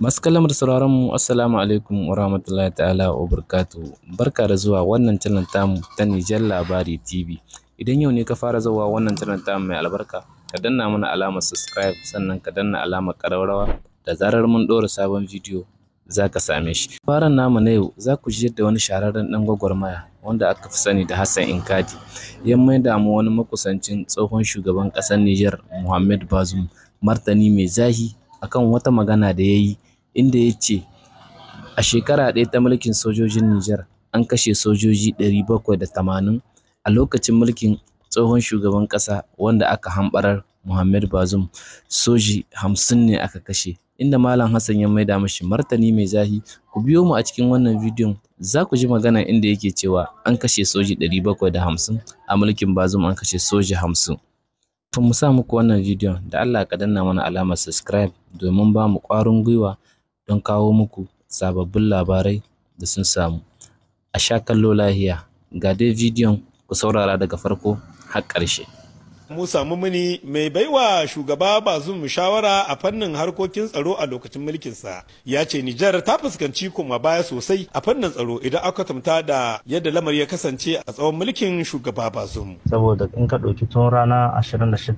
Masu kalamar sauraron mu assalamu alaikum wa rahmatullahi ta'ala wa barakatuhu. Barka da zuwa wannan channel tamu ta Nijar Labari TV. Idan yau ne ka fara zuwa wannan channel tamu mai albarka, ka danna mana alamar subscribe sannan ka danna alamar ƙararrawa da zarar mun ɗora sabon bidiyo za ka same shi. Faran namu na yau za ku ji yadda wani shahararren ɗan gwagwarmaya wanda aka fi sani da Hassan Inkadi ya da mu wani makusancin tsohon shugaban ƙasar Nijar Muhammad Bazoum martani mai zahi akan wata magana da yayi. inda ya ce a shekara ɗaya ta mulkin sojojin Nijar an kashe sojoji 780 a lokacin mulkin tsohon shugaban ƙasa wanda aka hambarar Muhammad Bazoum soji 50 ne aka kashe inda Malam Hassan ya maida mashi martani mai zahi ku biyo mu a cikin wannan bidiyon za ku ji magana inda yake cewa an kashe soji 750 a mulkin Bazoum an kashe soji 50 Tun mu sa muku wannan bidiyon da Allah ka danna mana alamar subscribe domin ba mu ƙwarin gwiwa don kawo muku sababbin labarai da sun samu. A sha kallo lahiya. Ga dai bidiyon ku saurara daga farko har ƙarshe. mu samu Mumuni mai baiwa shugaba Bazum shawara a fannin harkokin tsaro a lokacin mulkinsa ya ce Nijar ta fuskanci kuma baya sosai a fannin tsaro idan aka tamta da yadda lamar ya kasance a tsawon mulkin shugaba Bazum. Saboda in ka ɗauki tun rana 26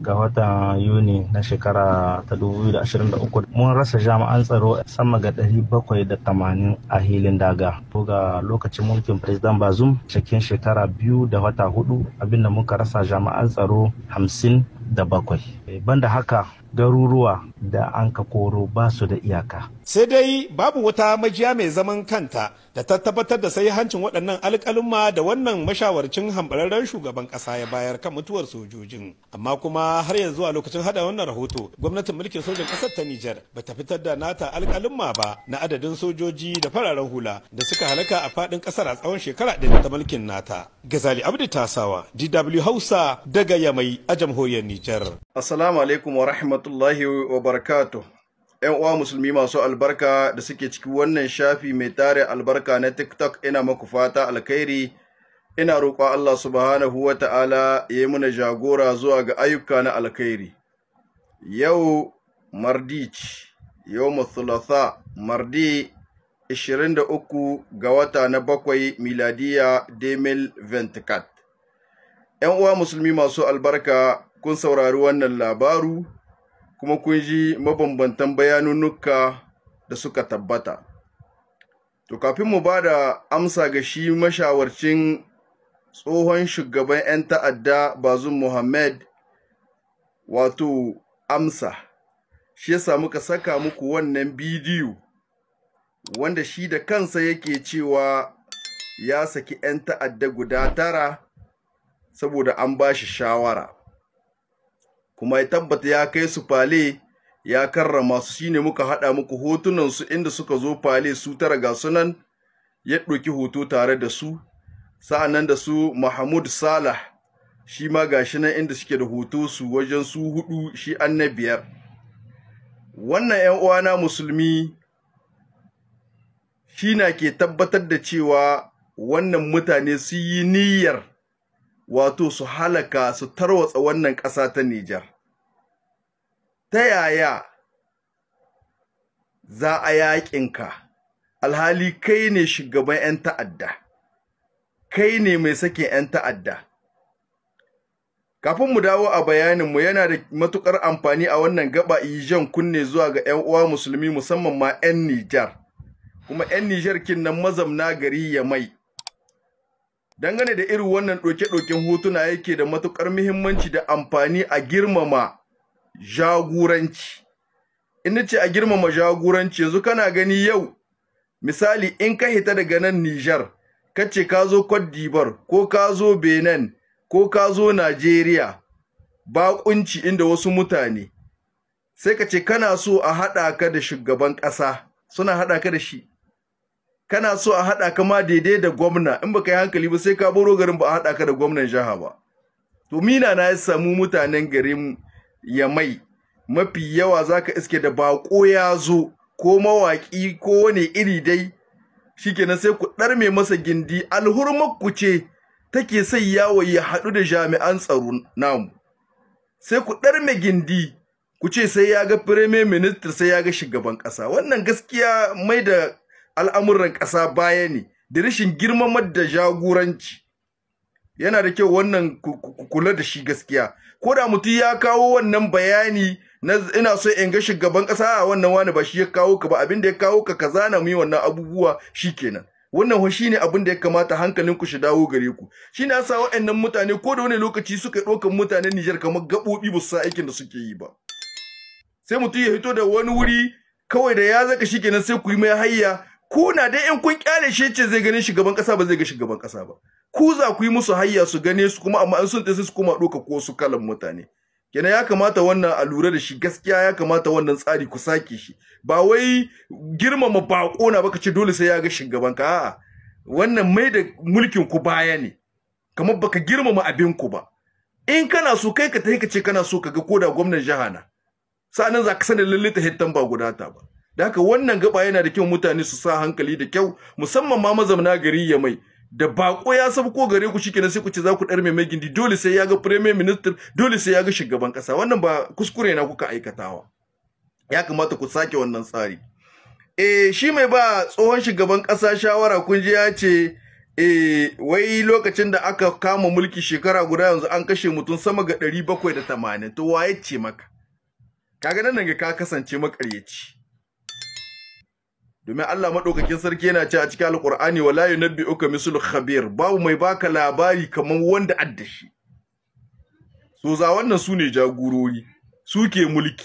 ga watan Yuni na shekara ta 2023 mun rasa jami'an tsaro sama ga 780 a hilin daga. Ko ga lokacin mulkin President Bazum cikin shekara biyu da wata hudu abinda muka rasa jami'an 공사로 함신 da bakwai eh, banda haka garuruwa da an ka koro ba su da iyaka sai dai babu wata majiya mai zaman kanta da ta tabbatar da sai hancin waɗannan alƙalumma da wannan mashawarcin hambararren shugaban ƙasa ya bayar kan mutuwar sojojin amma kuma har yanzu a lokacin hada wannan rahoto gwamnatin mulkin sojin ƙasar ta Nijar ba ta fitar da nata alƙalumma ba na adadin sojoji da fararen hula da suka halaka a faɗin ƙasar a tsawon shekara ɗaya ta mulkin nata Gazali Abdi Tasawa DW Hausa daga Yamai a jamhuriyar Nijar Nijar. Assalamu alaikum wa rahmatullahi wa barakatuh. ‘Yan uwa musulmi masu albarka da suke ciki wannan shafi mai tare albarka na TikTok ina maku fata alkhairi ina roƙo Allah subhanahu wa ta'ala ya yi mana jagora zuwa ga ayyuka na alkhairi. Yau Mardich, yau Mathulatha, Mardi 23 ga wata na bakwai miladiya 2024. ‘Yan uwa musulmi masu albarka kun saurari wannan labaru kuma kun ji mabambantan bayanunuka da suka tabbata. To kafin mu ba da amsa ga shi mashawarcin tsohon shugaban 'yan ta'adda Bazum Muhammad wato amsa, shi yasa muka saka muku wannan bidiyo wanda shi da kansa yake cewa ya saki 'yan ta'adda guda tara saboda an ba shi shawara. kuma ya tabbata ya kai su fale ya karrama su shine muka haɗa muku hotunansu inda suka zo fale su tara ga sunan ya ɗauki hoto tare da su sa'annan da su Mahmud Salah shi ma gashi nan inda suke da hoto su wajen su hudu shi annabiyar wannan 'yan uwana musulmi shi na ke tabbatar da cewa wannan mutane su yi niyyar wato su halaka su tarwatsa wannan ƙasa ta Nijar. Ta yaya za a yaƙinka alhali kai ne shugaban 'yan ta'adda, kai ne mai sakin 'yan ta'adda. Kafin mu dawo a bayaninmu yana da matuƙar amfani a wannan gaba jan kunne zuwa ga 'yan uwa musulmi musamman ma 'yan Nijar, kuma 'yan Nijar kin nan mazamna gari ya mai. dangane da irin wannan ɗoke-ɗoken hotuna yake da matuƙar muhimmanci da amfani a girmama jagoranci in ce a girmama jagoranci yanzu kana gani yau misali in ka hita daga nan Nijar ka ce ka zo Cote d'Ivoire ko ka zo Benin ko ka zo Najeriya baƙunci inda wasu mutane sai ka ce kana so a haɗa ka da shugaban ƙasa suna haɗa ka da shi kana so a haɗa ka ma daidai da gwamna in baka yi hankali ba sai ka baro garin ba a haɗa ka da gwamnan jiha ba to mina na ya samu mutanen garin ya mai mafi yawa za ka iske da baƙo ya zo ko mawaƙi ko wani iri dai shikenan sai ku ɗarme masa gindi alhurmar ku ce take sai yawo ya haɗu da jami'an tsaro namu sai ku ɗarme gindi ku ce sai ya ga fireme minister sai ya ga shugaban ƙasa wannan gaskiya mai da al'amuran ƙasa baya ne da rashin girmamar da jagoranci yana da kyau wannan kula da shi gaskiya ko da mutum ya kawo wannan bayani na ina so in ga shugaban ƙasa. a wannan wani ba shi ya kawo ka ba abin da ya kawo ka kaza na mu yi wannan abubuwa kenan. wannan ho shine abin da ya kamata hankalin ku shi dawo gare ku Shi shine yasa waɗannan mutane ko da wani lokaci suka ɗaukan mutanen Nijar kamar gaɓoɓi ba su sa aikin da suke yi ba sai mutum ya hito da wani wuri kawai da ya zaka shi kenan, sai ku yi mai hayya ku na dai in kun kyale shi ce zai gani shugaban kasa ba zai ga shugaban kasa ba ku za ku yi musu hayya su gane su kuma amma an sun tsaye su kuma doka ko su kalan mutane kenan ya kamata wannan a lura da shi gaskiya ya kamata wannan tsari ku sake shi ba wai girmama bako na baka ce dole sai ya ga shugaban ka a'a wannan mai da mulkin ku baya ne kamar baka girmama abin ku ba in kana so kai ka tafi ka ce kana so ka ga koda gwamnan jiha na sa'annan za ka sanin lallita ta hittan ba gudata ba da haka wannan gaba yana da kyau mutane su sa hankali da kyau musamman ma mazauna gari ya mai da bako ya ko gare ku shikenan sai ku ce za ku dar mai gindi dole sai ya ga premier minister dole sai ya ga shugaban kasa wannan ba kuskure na kuka aikatawa ya kamata ku sake wannan tsari eh shi mai ba tsohon shugaban kasa shawara kun ji ya ce eh wai lokacin da aka kama mulki shekara guda yanzu an kashe mutum sama ga 780 to waye ce maka kaga nan ga ka kasance makaryaci domin Allah madaukakin sarki yana ce a cikin alqur'ani wala yunabbi'uka mislu khabir babu mai baka labari kamar wanda addashi so za wannan sune jagurori suke mulki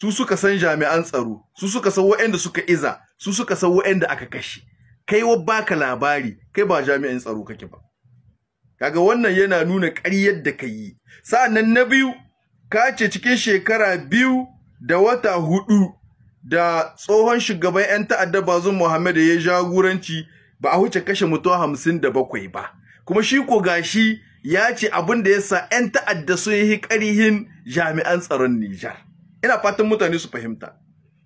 su suka san jami'an tsaro su suka san waɗanda suka iza su suka san waɗanda aka kashe kai wa baka labari kai ba jami'an tsaro kake ba kaga wannan yana nuna ƙaryar da ka yi sa'annan na biyu ka ce cikin shekara biyu da wata hudu da tsohon shugaban 'yan ta'adda bazum Muhammad ya jagoranci ba a huce kashe mutuwa hamsin da bakwai ba kuma shi ko gashi ya ce abin da ya sa 'yan ta'adda sun yi karihin jami'an tsaron Nijar ina fatan mutane su fahimta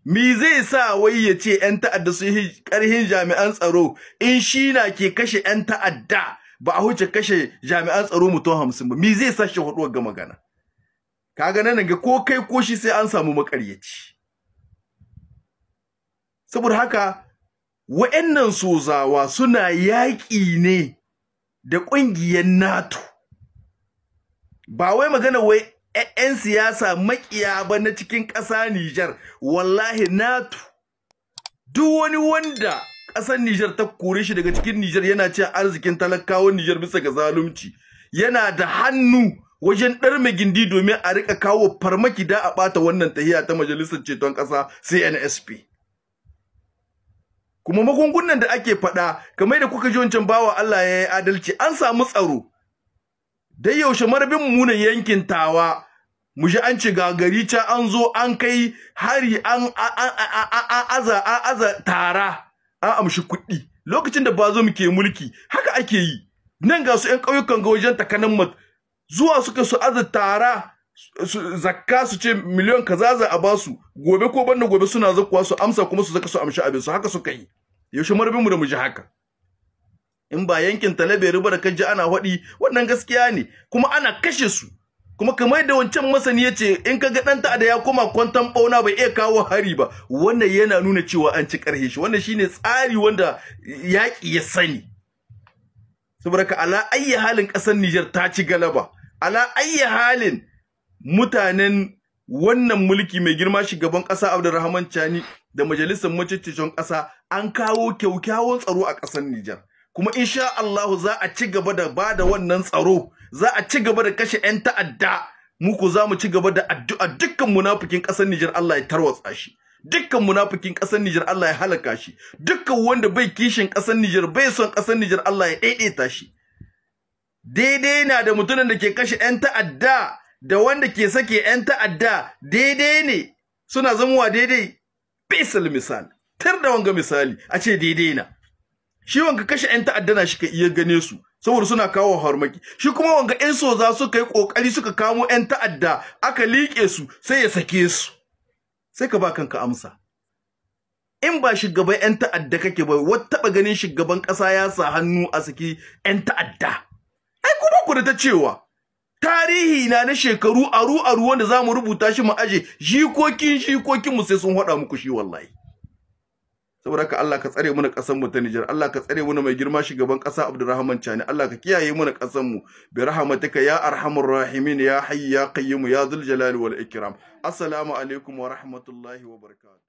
me zai sa wai ya ce 'yan ta'adda sun yi karihin jami'an tsaro in shi na ke kashe 'yan ta'adda ba a huce kashe jami'an tsaro mutuwa hamsin ba me zai sa shi hudu ga magana kaga nan ga ko kai ko shi sai an samu makaryaci saboda haka wa'annan sozawa suna yaƙi ne da ƙungiyar NATO ba wai magana wai 'yan siyasa makiya ba na cikin ƙasa Nijar wallahi NATO duk wani wanda ƙasar Nijar ta kore shi daga cikin Nijar yana ce arzikin talakawan Nijar bisa ga zalunci yana da hannu wajen ɗarme gindi domin a riƙa kawo farmaki da a ɓata wannan tahiya ta majalisar ceton ƙasa CNSP kuma magungunan da ake faɗa kamar da kuka ji wancan bawa Allah ya yi adalci an samu tsaro dai yaushe marabin mu ne yankin tawa mu ji an ci gagari ca an zo an kai hari an aza aza tara an amshi kuɗi lokacin da ba zo muke mulki haka ake yi nan ga su 'yan ƙauyukan ga wajen takanan zuwa suka su aza tara zakka su ce miliyan kaza za a basu gobe ko banda gobe suna zakkuwa su amsa kuma su zaka su amshi abin su haka suka yi yaushe marbin mu da mu ji haka in ba yankin talabe ba da kaji ana haɗi wannan gaskiya ne kuma ana kashe su kuma kamar da wancan masani ya ce in ka ga ɗan ta'ada ya koma kwantan bauna bai iya kawo hari ba wannan yana nuna cewa an ci karhe shi wannan shine tsari wanda yaki ya sani saboda ka ala ayi halin kasar Nijar ta ci galaba ala ayi halin mutanen wannan mulki mai girma shugaban ƙasa Abdulrahman Chani da majalisar mutaccen ƙasa an kawo kyaukyawan tsaro a ƙasar Nijar. Kuma insha Allah za a ci gaba da bada wannan tsaro, za a ci gaba da kashe 'yan ta'adda, mu ku za mu ci gaba da addu'a dukkan munafikin ƙasar Nijar Allah ya tarwatsa shi. dukkan munafikin ƙasar Nijar Allah ya halaka shi dukkan wanda bai kishin ƙasar Nijar bai son ƙasar Nijar Allah ya daidaita shi daidai na da mutumin da ke kashe 'yan ta'adda da wanda ke sake ‘yan ta'adda daidai ne suna wa daidai fesal misal tar da wanga misali a ce daidai na shi wanga kashe ‘yan ta'adda na shi ka iya gane su saboda suna kawo harmaki shi kuma wanga ‘yan soza suka yi ƙoƙari suka kamo ‘yan ta'adda aka liƙe su sai ya sake su sai ka ba kanka amsa in ba shugaban 'yan ta'adda kake ba wata ganin shugaban ƙasa ya sa hannu a saki 'yan ta'adda ai kuma ku da ta cewa tarihi na na shekaru aru aru wanda za mu rubuta shi mu aje jikokin jikokin mu sai sun haɗa muku shi wallahi saboda ka Allah ka tsare mana ƙasan mu ta Nijar Allah ka tsare mana mai girma shugaban ƙasa Abdulrahman Chani Allah ka kiyaye mana ƙasan mu bi rahmatika ya arhamar rahimin ya hayy ya qayyim ya dhul jalali wal ikram assalamu alaikum wa rahmatullahi wa barakatuh